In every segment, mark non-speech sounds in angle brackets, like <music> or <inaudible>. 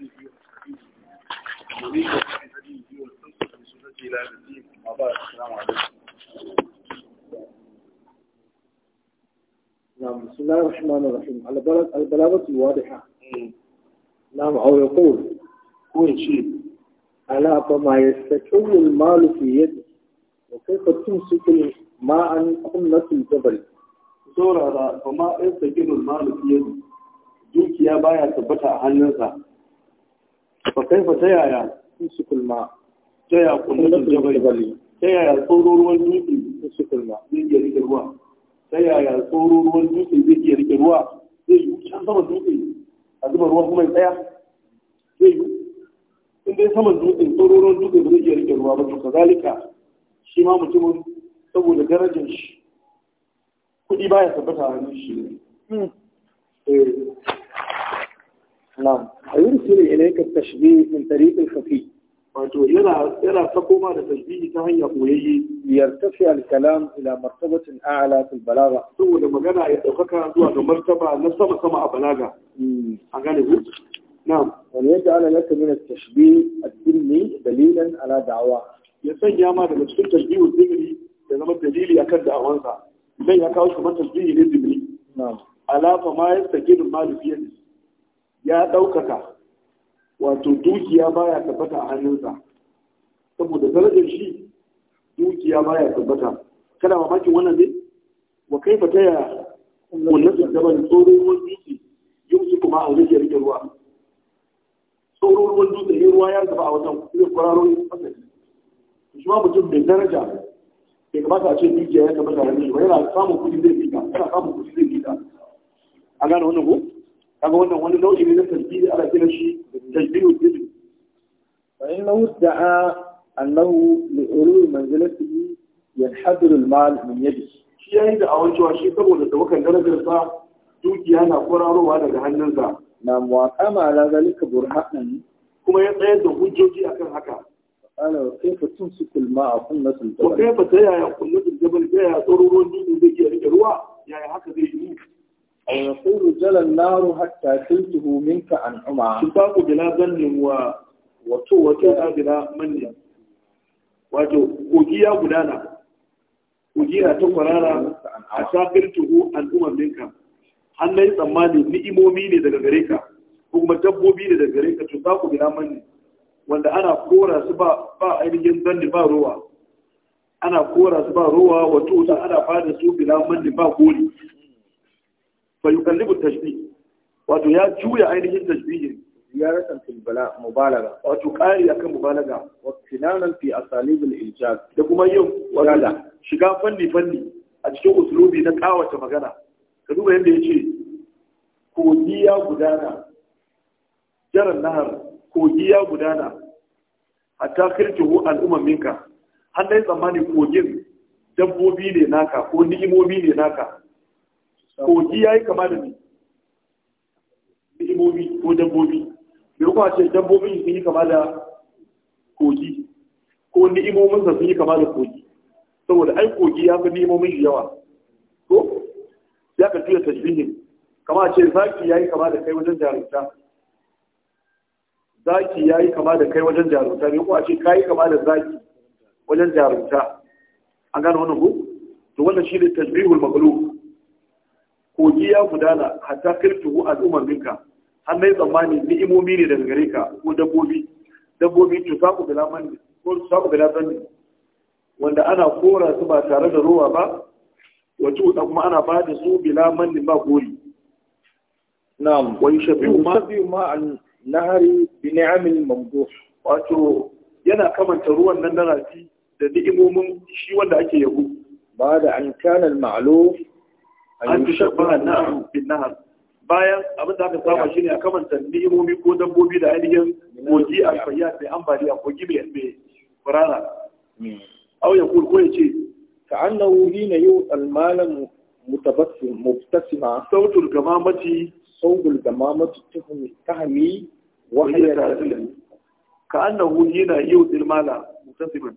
آله وصحبه ومن يتبع هديه واستمسك بسنته إلى يوم الدين أما بعد السلام عليكم نعم بسم الله الرحمن الرحيم البلاغة الواضحة نعم أو يقول كل شيء ألا فما يستكون المال في يده وكيف تمسك الماء عن قمة الجبل saurara ba ma ɗan sagin malu fiye dukiya baya tabbata a hannunsa kaifa ta yaya su kulma ta yaya kullun bali ta yaya tsoro ruwan dutse su kulma zai iya rike ruwa ta yaya tsoro ruwan dutse zai iya rike ruwa zai yi can sama dutse a zuba ruwan kuma ya tsaya zai yi in dai saman dutse tsoro ruwan dutse ba zai iya rike ruwa ba to kazalika shi ma mutumin saboda darajar shi kuɗi baya tabbata a hannun shi ne. Hmm. Eh. na'am ayyursilu ilayka tashbih min tariq al-khafi wato yana sakoma da tasbihi ta hanya koyayye yartafi al-kalam ila martabatin a'la balaga. balagha saboda magana ya daukaka zuwa ga martaba na sama sama a balaga an gane ku na'am wani yadda ana laka min at-tashbih ad-dilmi dalilan ala da'wa ya sanya ma daga cikin tasbihu ad-dilmi ya zama dalili akan da'awansa sai ya kawo shi man tasbihi ne ma ya ɗaukaka wato dukiya baya tabbata a hannunsa saboda darajar shi dukiya baya tabbata ba mamakin wannan ne wa ba ta ya wannan daban tsoron ruwan dutse yau su kuma a wajen rike ruwa tsoron ruwan dutse yin ruwa ya zaba a wajen kuma yin fasari shi ma mutum mai daraja bai kamata a ce dukiya ya tabbata a hannunsa ba yana samun kuɗi zai fita yana samun kuɗi zai fita a gane wannan ko kaga wannan wani nau'i ne na tasbihi ana kira shi tajbihul bid'i fa innahu da'a annahu li ulul manzilatihi yanhadiru al min yadihi shi yayi da awan cewa shi saboda dawkan darajar sa dukiya na kwararowa daga hannunsa na muwaqama ala zalika burhanan kuma ya tsayar da hujjoji akan haka قال كيف تمسك الماء قلة ta yaya تيا يا قلة الجبل تيا ruwan ضرورون zai iya rike ruwa yaya haka zai yi ayyukuru يقول naru hatta tiltuhu minka an عن عمى ku بلا ظن wa wato wata bira manya wato kogi ya gudana kogi na ta kwarara a shafir tuhu al'ummar ninka an na yi tsammani ni'imomi ne daga gare ka ko kuma dabbobi ne daga gare ka to za ku bira manya wanda ana kora su ba ainihin zanni ba ruwa? ana kora su ba ruwa wato ana fada su bila manni ba kori. fa tashbih wato ya juya ainihin tashbihin ziyaratan fil bala mubalaga wato ƙari akan mubalaga wa kinanan fi asalib al ijaz da kuma yau, wala shiga fanni fanni a cikin uslubi na kawata magana ka duba yadda yace kogi ya gudana jaran nahar kogi ya gudana hatta kirjuhu umam minka har dai tsammani kogin dabbobi ne naka ko ni'imomi ne naka kogi ya yi kama da ne imobi ko dabbobi da kuma ce dambobi sun yi kama da kogi ko ni'imominsa sun yi kama da kogi saboda ai kogi ya fi ni'imomin shi yawa ko ya ka shi ne kama ce zaki ya yi kama da kai wajen jarumta zaki ya yi kama da kai wajen jarumta ne kuma ce ka yi kama da zaki wajen jarumta an gano wannan ko to wannan shi ne tashbihul maglub kogi ya gudana hatta kirtuhu al'umar minka har na yi tsammani ni'imomi ne daga gare ka ko dabbobi dabbobi to saku bila mani ko saku bila zanni wanda ana kora su ba tare da rowa ba wato da kuma ana ba da su bila mani ba gori na'am wa yushabihu ma ma an nahari bi ni'amil mamduh wato yana kamanta ruwan nan na rafi da ni'imomin shi wanda ake yabo ba da an kana al-ma'luf an fi shabba na bin nahar bayan abin da aka saba shi ne a kamanta ni'imomi ko dabbobi da ainihin kogi a fayyar mai ambaliya kogi mai furana au ya ko ya ce ka'annahu na yau almalan mutabassim mubtasima sautul gamamati sautul gamamati tahmi wahayar ka'annahu na yau almalan mubtasiman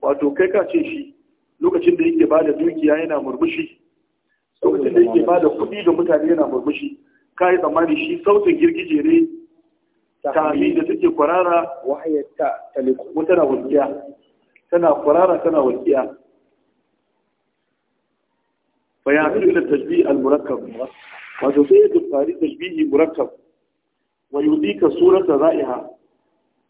wato kai ka ce shi lokacin da yake bada dukiya yana murmushi lokacin da yake ba da kuɗi da mutane yana murmushi ka yi tsammani shi sautin girgije ne Kami da take kwarara wahayar ta taliku tana walƙiya tana kwarara tana walƙiya فيعمل إلى التشبيه المركب وتزيد التاريخ تشبيه مركب ويديك صورة رائعة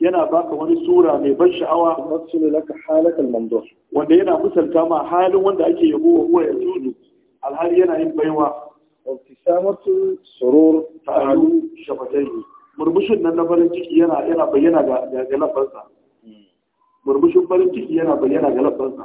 yana baka wani sura mai ban sha'awa masu laka halakal mandor wanda yana misalta ma halin wanda ake yabo wa huwa yanzu alhali yana yin baiwa wabtisamatu surur ta'alu shafatayhi murmushin nan na farin ciki yana yana bayyana ga ga lafansa murmushin farin ciki yana bayyana ga lafansa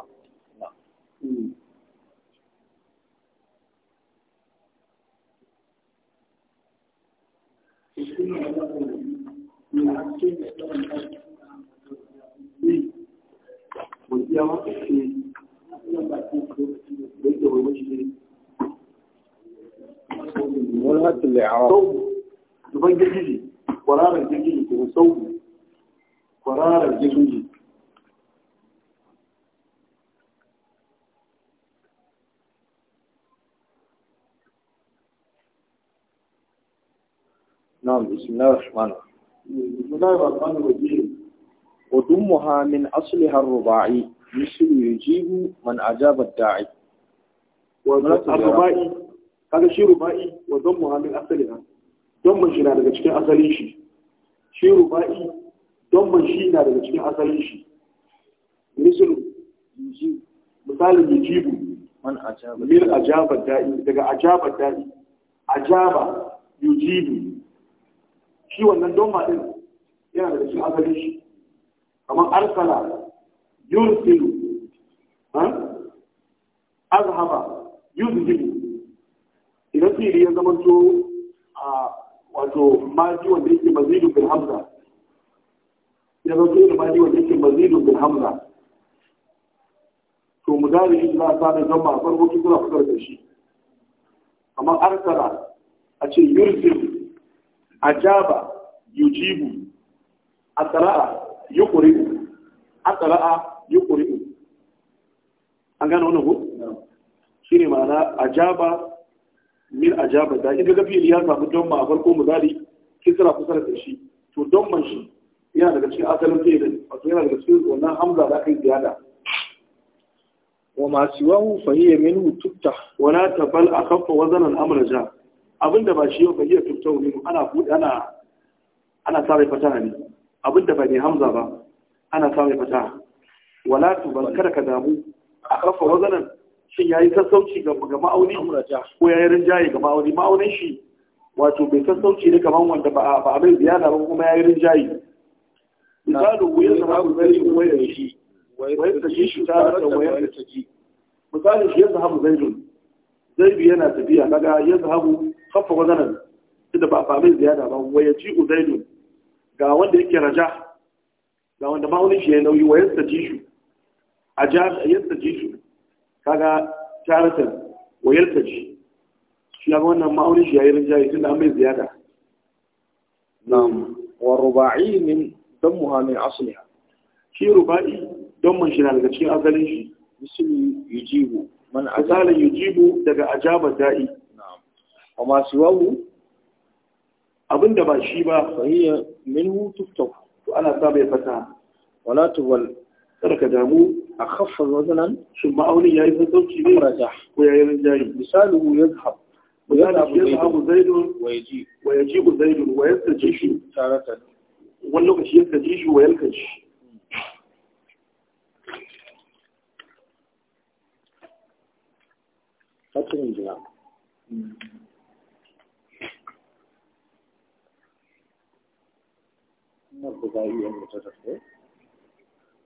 Mun iya ma? Eh. Mun iya ma? منهج الإعراب صوم زبان جيجي قرار الجيجي وصوم قرار الجيجي نعم بسم الله الرحمن الرحيم بسم الله الرحمن الرحيم وضمها من أصلها الرباعي مثل يجيب من أجاب الداعي والرباعي kaga shi ruba'i wa don muhammin asali na don man shi na daga cikin asalin shi shi ruba'i don man shi na daga cikin asalin shi misalu misalin yajibu, min ajabar da'i daga ajabar da'i ajaba yujibu shi wannan don ma din yana daga cikin asalin shi kamar arsala yursilu azhaba yuzhibu idan fili ya zama to a wato maji wanda yake mazidun bin hamza ya zama to maji wanda yake mazidun bin hamza to mudari in za a sa da zama a farko kin kuna fitar da shi amma arsala a ce a ajaba yujibu asra'a yuqri'u yi yuqri'u an gane wannan shi ne ma'ana ajaba min ajaba da idan ga fi'il ya samu don ma farko mu zali kisra kusa da shi to don man shi yana daga cikin asalin da wato yana daga cikin wannan hamza da aka yi ziyada wa ma siwahu fa hiya minhu tutta wa la tabal akhaffa wazanan amra ja abinda ba shi ba hiya tutta ne ana bude ana ana sare fata ne abinda ba ne hamza ba ana sare fata wala tubal kada ka damu akhaffa wazanan shin ya yi sassauci ga ma'auni ko ya yi rinjaye ga ma'auni ma'aunin shi wato bai sassauci ne kamar wanda ba a mai ziyara ba kuma ya yi rinjaye misalin wuyar da babu zai wuyar da shi wayar da shi shi ta da wayar da ta ji misalin shi yadda hamu zaidun zaidu yana tafiya kaga yadda hamu kafa wazanan da ba a mai ziyara ba wayar ji uzaidun ga wanda yake raja ga wanda ma'aunin shi ya nauyi wayar da ji shi a jihar yadda ji shi kaga taratan wayartaci shi ga wannan ma'aunin shi yayin jayi tun da an ziyada nam wa ruba'i min dammuha min asliha shi ruba'i damman shi na daga cikin azalin shi misali yujibu man azala yujibu daga ajaba da'i na'am amma siwahu abinda ba shi ba sahiya minhu tuftu to ana sabai fata wala tuwal kada ka damu أخف مثلا ثم أولي يا ابن توكي مرجح ويا مثاله يذهب يذهب زيد ويجيب ويجيب زيد ويستجيش تارة واللغة يستجيش ويلكش فتح الجناب ما البضائية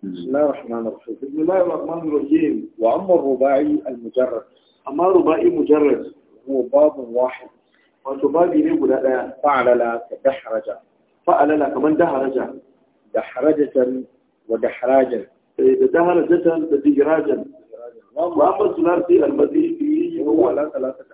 بسم الله الرحمن الرحيم بسم الله الرحمن الرحيم وأما الرباعي المجرد أما الرباعي مجرد هو باب واحد وتبابي نقول لا فعل لا تدحرج فعل لا كمان دحرج دحرجة ودحراجا دحرجة ودجراجا وأما الثلاثي المزيد هو لا ثلاثة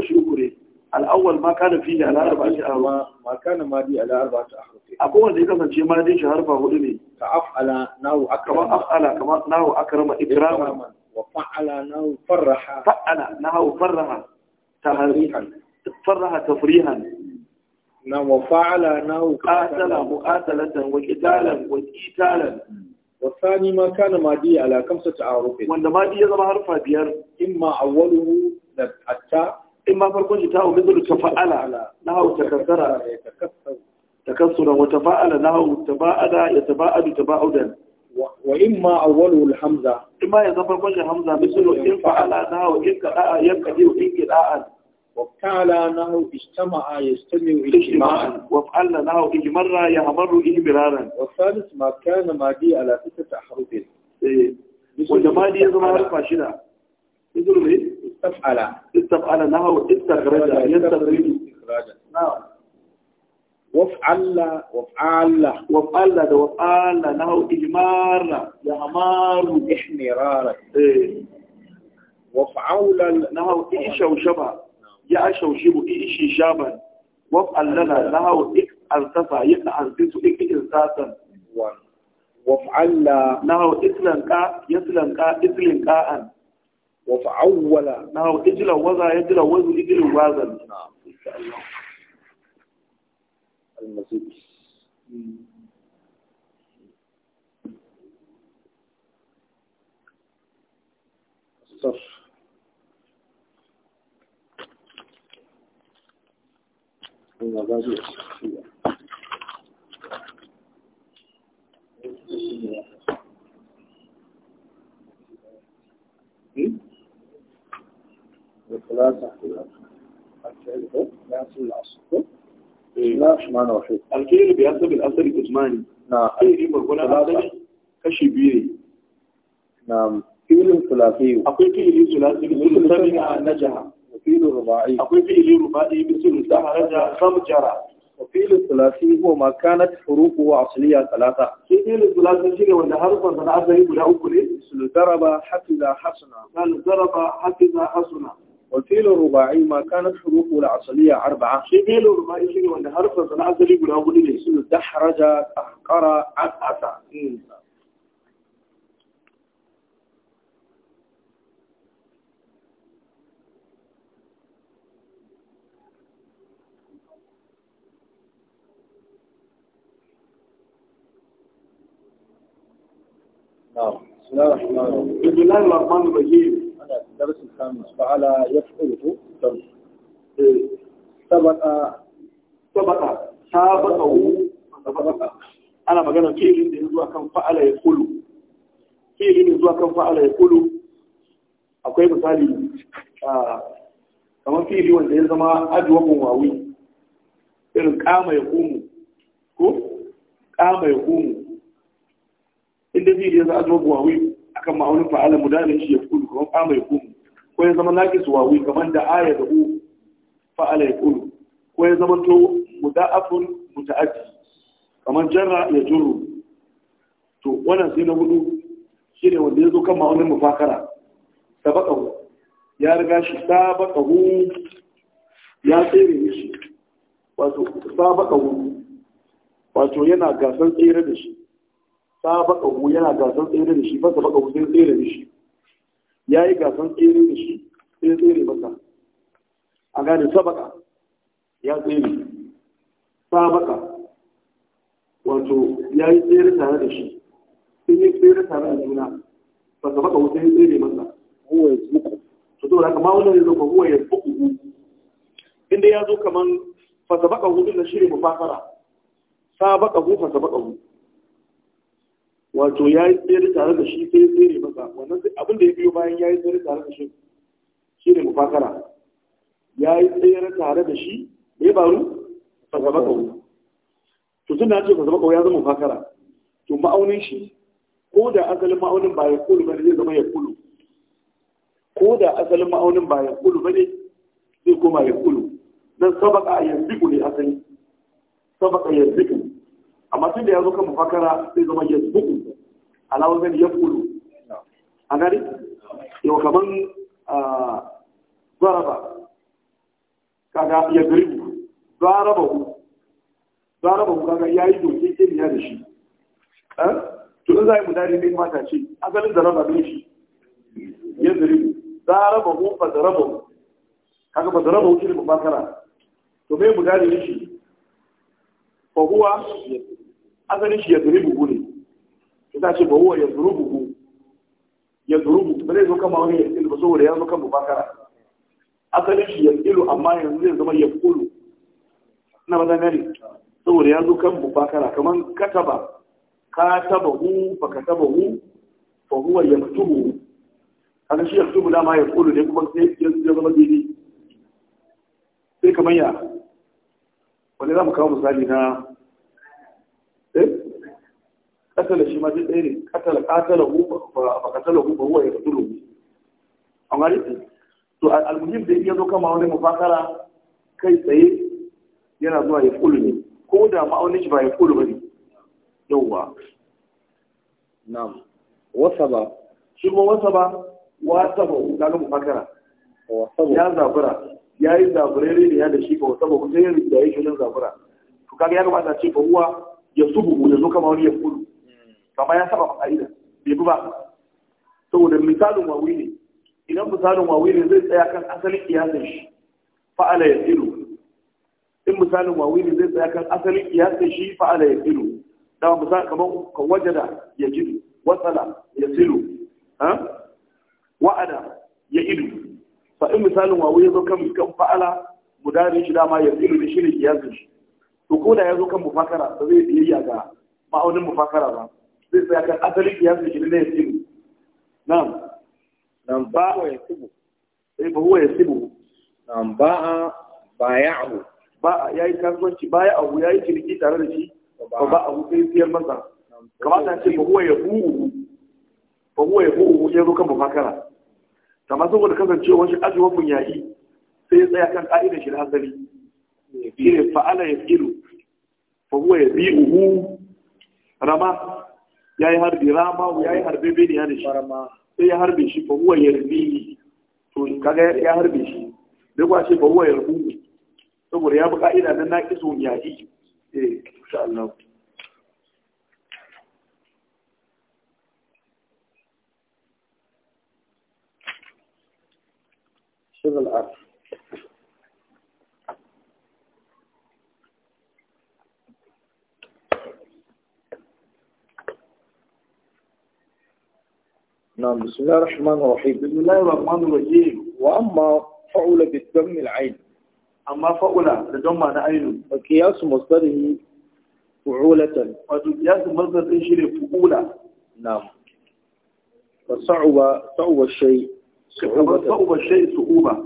شكرا al'awwal ma kana fi da al'arba shi a ma kana ma di al'arba ta a kowanne ya kasance ma harfa hudu ne ka af'ala nahu akrama af'ala kama nahu akrama ikraman wa fa'ala na farraha fa'ala nahu farraha tahrihan farraha tafrihan wa fa'ala nahu qatala muqatalatan wa qitalan wa qitalan والثاني ما كان مادي على خمسة أعراف وعندما دي da حرف إما فرقون جتاو مثل تفعل نهو تكسر تكسر وتفعل نهو تباعد تباعدا وإما أول الحمزة إما يظهر فرقون حمزة مثل إنفعل نهو إنك آآ يبقى ديو إنك وكالا نهو اجتمع يستمع اجتماعا وفعل نهو إجمرا يهمر إجمرارا والثالث ما كان مادي على ستة حروف إيه وجمادي يظهر فاشلة يقولوا لي إيه؟ استفعل استفعل نهو استخرج يستخرج استخراجا نعم وفعل وفعل وافعل وفعل نهو إجمار يعمار إحمرارا إيه. وفعل نهو إيشو شبه نعم. يعشو شبه إيشي شابا وفعل لنا نعم. نهو إكس أرتفع يقع أنزيسو إكي إرتاسا وفعل نهو إسلنكا يسلنكا إسلنكا وفعول نعم اجلوز يجلوز اجلوزا نعم المزيد الصف النظرية الصحية الرحمن الرحيم الفعل بيحسب الأثر الإجمالي نعم فعل مرغونا أثر كشي بيري نعم فعل ثلاثي أقول فعل ثلاثي مثل سمع نجح وفعل رباعي أقول فعل رباعي مثل سهرج خمجرة وفعل الثلاثي هو ما كانت حروفه أصلية ثلاثة فعل الثلاثي شيء ولا حرفا فنعزه ولا أكله مثل ضرب حفظ حسنا ضرب حفظ حسنا وفيل الرباعي ما كانت حروفه العصلية أربعة في فيل الرباعي شيء وأن حرف العصلية بلا أقول لي اسمه دحرج أحقر أسعس نعم. بسم الله الرحمن الرحيم بسم الله الرحمن الرحيم على الدرس الخامس فعلى يفعله درس سبق سبق سابقه سبق أنا مجانا فيل إن زوا كان فعل يقول فيل إن زوا كان فعل يقول أقول مثالي kamar fili wanda ya zama ajiwakon wawi irin kama ya kumu ko kama ya kumu inda fili ya zama ajiwakon wawi akan ma'aunin fa'ala mudanin shi ya kamar kama ya kumu ko ya zama naki suwawi kamar da aya da u fa'ala ya kulu ko ya zama to muda'afun muta'addi kamar jarra ya juru to wannan sai na hudu shine wanda ya zo kan ma'aunin mufakara sabaqahu ya riga shi sabaqahu ya tsere shi wato sabaqahu wato yana gasar tsere da shi sabaqahu yana gasar tsere da shi fa sabaqahu sai tsere da shi ya yi gasan tsere da shi sai tsere masa a gane sabaka ya tsere sabaka wato ya yi tsere tare da shi sun yi tsere tare da juna ba ta baka wuce ya tsere masa huwa ya zuku to to haka wani wannan ya zuku huwa ya zuku inda ya zo kaman fasabaka hudu na shirin da sabaka hu fasabaka hu wato ya yi tsere tare da shi sai ya tsere masa wannan abin da ya biyo bayan ya yi tsere tare da shi shi ne mafakara ya yi tsere tare da shi ba ya baru fasaba kawo to tun da ce fasaba kawo ya zama mafakara to ma'aunin shi ko da asalin ma'aunin ba ya kulu bane zai zama ya kulu ko da asalin ma'aunin ba ya kulu bane zai koma ya kulu dan sabaka a yanzu ne asali sabaka yanzu amma tun da ya zo kan mafakara zai zama ya zuku alawar zai ya kulu a gari yau kaman zaraba kaga ya garibu zaraba ku zaraba ku kaga ya yi doke ya da shi to in za yi mu mudari ne mata ce asalin zaraba ne shi ya garibu zaraba ku ba zaraba ku kaga ba zaraba ku shi da mafakara to me mudari ne shi fa kuwa asali shi ya zuri bugu ne ya ta ce bawuwa ya zuri bugu ya zuri bugu ba zai zo kama wani ya ilu ba saboda ya zo kan bubakara asali shi ya ilu amma yanzu zai zama ya kulu na ba gani saboda ya zo kan bubakara kamar kataba taba hu ba ka taba hu ba huwa ya mutubu kaga shi ya mutubu dama ya kulu ne kuma sai ya zama daidai sai kamar ya wani za mu kawo misali na katala shi ma duk ɗaya ne katala katala hu ba katala hu ba huwa ya katulu hu A dai to almuhim da iya zo kama wani mafakara kai tsaye yana zuwa ya kulu ne ko da ma'aunin shi ba ya kulu ba ne yauwa na'am wasa ba shi ma wasa ba wasa ba ga mafakara ya zabura ya yi zaburere ne ya da shi ba wasa ba kuma sai ya yi ya shi nan zabura to kaga ya gabata ce ba huwa ya subu ya zo kama wani ya kulu kama ya saba ka'ida bai bi ba saboda misalin wawi ne idan misalin wawi ne zai tsaya kan asalin kiyasin shi fa'ala ya tsiro in misalin wawi ne zai tsaya kan asalin kiyasin shi fa'ala ya tsiro dama misalin kamar kan wajada ya ji wasala ya tsiro wa'ada ya idu fa in misalin wawi ya zo kan kan fa'ala mudarin shi dama ya tsiro da shi ne kiyasin shi to ko da ya zo kan mufakara ba zai biyayya ga ma'aunin mufakara ba zai tsaya kan asalin kiyasu shi ne ya sibu na'am nan ba wa ya sibu sai eh, ba huwa ya sibu nan ba a baya'ahu ba ya yi kasuwanci baya abu ya yi ciniki tare da shi ba ba abu sai siyar masa kamata ce ba huwa ya huhu ba huwa ya huhu ya zo kan ba makara kamar saboda kasancewar shi ajiwa bunyayi sai ya tsaya kan ka'idar shi na hasali shi ne fa'ala ya filu fa huwa ya bi'uhu rama ya yi harbi rama ya yi bini ya shi ya harbe shi fa huwa yarbi to kaga ya harbe shi da kuwa ce fa huwa yarbu saboda ya bi ka'ida na naqisu ya'i eh insha Allah شغل الأرض نعم بسم الله الرحمن الرحيم بسم الله الرحمن الرحيم وأما فعل بالدم العين أما فعل لدم على عين وقياس مصدره فعولة وقياس مصدر شيء فعولة نعم وصعب صعب الشيء صعب الشيء صعوبة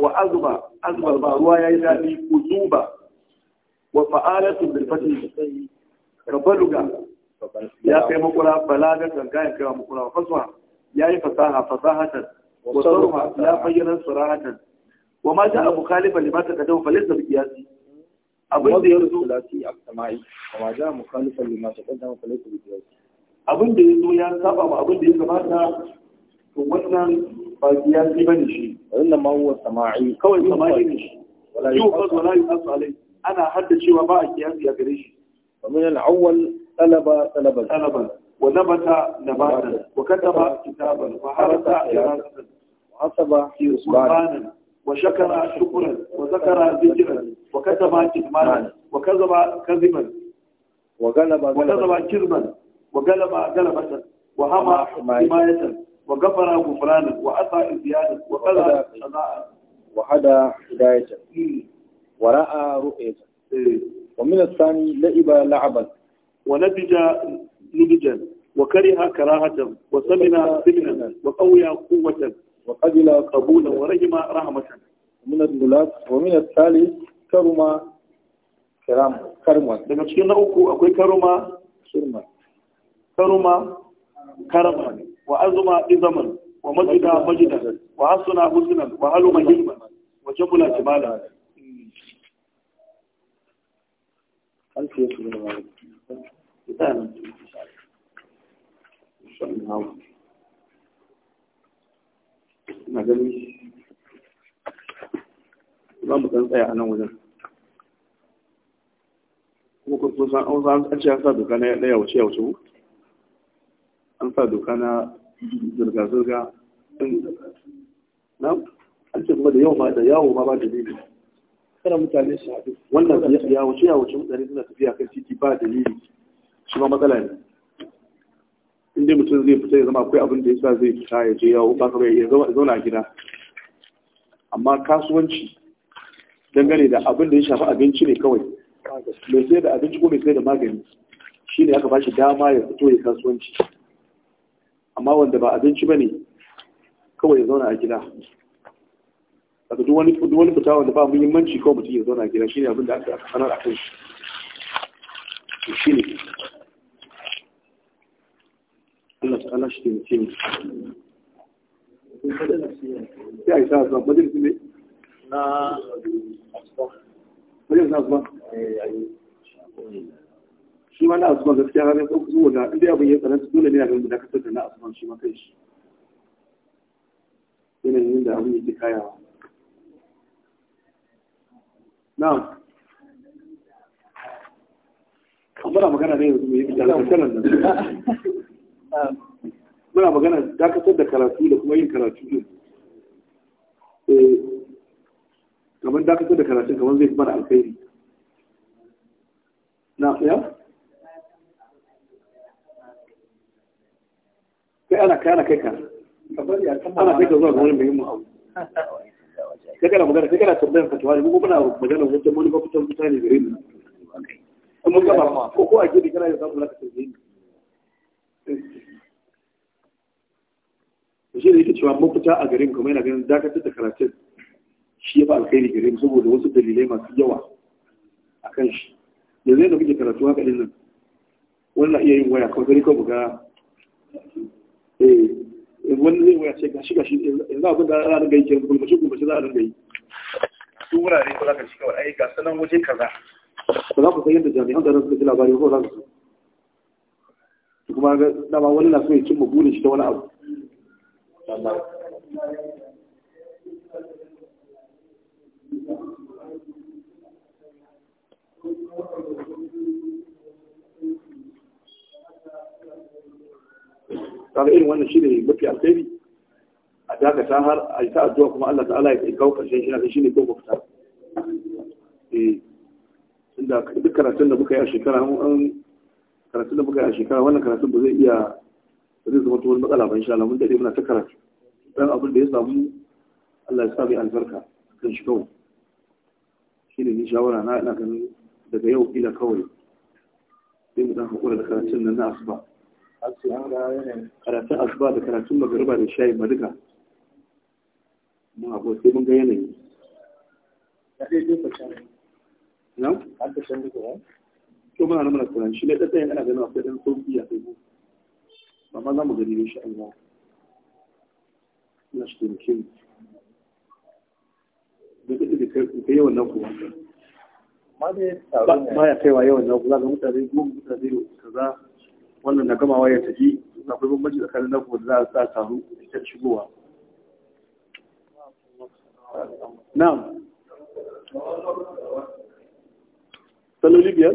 وأذب أذب البعض يعني أذوبة وفعالة بالفتح ربلغ ya kai makura balagar gangayen kai makura fasuha ya yi fasaha fasahatan wa sarfa ya bayyana sarahatan wa ma abu mukhalifa lima taqaddama falaysa bi qiyasi abin da ya zo lati al-sama'i wa ma ja'a mukhalifa lima taqaddama falaysa bi qiyasi abin da ya zo ya saba ma abin da ya kamata, to wannan ba qiyasi bane shi wannan ma huwa sama'i kawai sama'i ne shi wala yuqad wala yuqas ana hadda cewa ba a qiyasi a gare shi ومن الأول طلب طلبا طلبا ونبت نباتا وكتب كتابا وحرس حراسة وحسب سلطانا وشكر شكرا وذكر ذكرا وكتب كتمانا نعم. وكذب كذبا وغلب وكذب كرما وغلب غلبة وهمى حماية وغفر غفرانا وأتى ازيادا وقضى قضاء وحدى هداية ورأى رؤية إيه. ومن الثاني لعب لعبا ونبج نبجا وكره كراهة وسمن سمنا وقوي قوة وقبل قبولا ورحم رحمة من الدولات ومن الثالث كرما كرام كرما daga cikin uku akwai karuma shirma wa azuma izaman wa majida majida wa hasuna husnan wa haluma hilman wa jabula jimala za mu kan tsaya a nan wajen. Kuma kun so an ce sa doka na ɗaya wuce wuce mu? An sa doka na zirga-zirga an ce kuma da ma ba dalili. mutane su haɗu. Wannan ya wuce ya wuce mutane suna tafiya kan titi ba dalili. shi ma matsala ne inda mutum zai fita ya zama akwai abin da yasa zai fita ya je yawo ba kawai ya zauna a gida amma kasuwanci dangane da abin da ya shafi abinci ne kawai mai sai da abinci ko mai sai da magani shi ne aka bashi dama ya fito ya kasuwanci amma wanda ba abinci ba ne kawai ya zauna a gida daga duk wani fita wanda ba muhimmanci kawai mutum ya zauna a gida shi ne abin da aka sanar a kan shi shi ne Allah shi taimake a yi sa zuwa majalis ne na majalis na shi ma na zuwa da inda dole ne a ganin dakatar da na shi ma kai shi yanayin da abin yake magana ne yanzu mai yi da nan <laughs> muna magana dakatar da karatu da kuma yin karatu din eh, kamar dakatar da karatu kamar zai mana alkhairi na ya kai ana kai ana kai ka ana kai ka zuwa ga wani muhimmin abu <laughs> kai kana magana kai kana tambayar fatawa ne mu kuma magana wajen wani bakutan mutane gare mu ko ko a gidi kana da samun lakatar da yi shi da yake cewa mafita a gare mu kamar yana ganin dakatar da karatun shi ya ba alkhairi gare mu saboda wasu dalilai masu yawa a kan shi yanzu yadda kuke karatu haka din nan wani na iya yin waya kawai sai kawai buga eh wani zai waya ce ga shi ga shi yanzu abin da za a dinga yi kenan kuma gulmace za a dinga yi su wurare ko za ka shiga wa ai ga sanan waje kaza ba za ku san yadda jami'an da za su ji labari ko za su kuma ga dama wani na so ya cimma burin shi ta wani abu kaga irin wannan shi ne mafi alkhairi a dakata har a yi ta addu'a kuma Allah ta'ala ya kawo karshen shi na shi ne ko mafita eh inda duk karatun da muka yi a shekara an karatu da muka yi a shekara wannan karatu ba zai iya ba zai zama ta matsala ba insha Allah mun daɗe muna ta karatu dan abin da ya samu Allah ya sa mai albarka kan shi kawai shi ne ni shawara na ina ganin daga yau ila kawai sai mu dan hakura da karatun nan na asuba karatun asuba da karatun magariba da shayi ma mun abu sai mun ga yanayi na? Har da shan to muna nan muna tunani shi ne ɗaɗɗayan ana ganin akwai ɗan sauƙi a kai ba ma za mu gani ne shi Allah na shi taimake mu da ɗaɗɗa da kai yawan nan kuma ba ya kaiwa yawan nan kuma za ka mutane goma mutane kaza wannan na gamawa ya tafi akwai bambanci tsakanin nan kuma da za a sa taru da shigowa Na na'am saloli biyar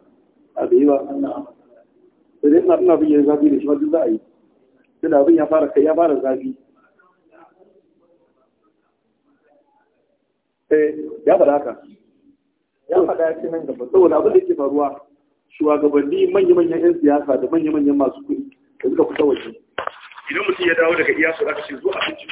a bai dai ina zafi da abin ya fara kai ya fara zafi eh ya ya ya ce nan gaba abin da yake faruwa shugabanni manya-manyan 'yan siyasa da manya-manyan masu kuɗi da suka kusa waje idan mutum ya dawo daga iya su aka ce zuwa abinci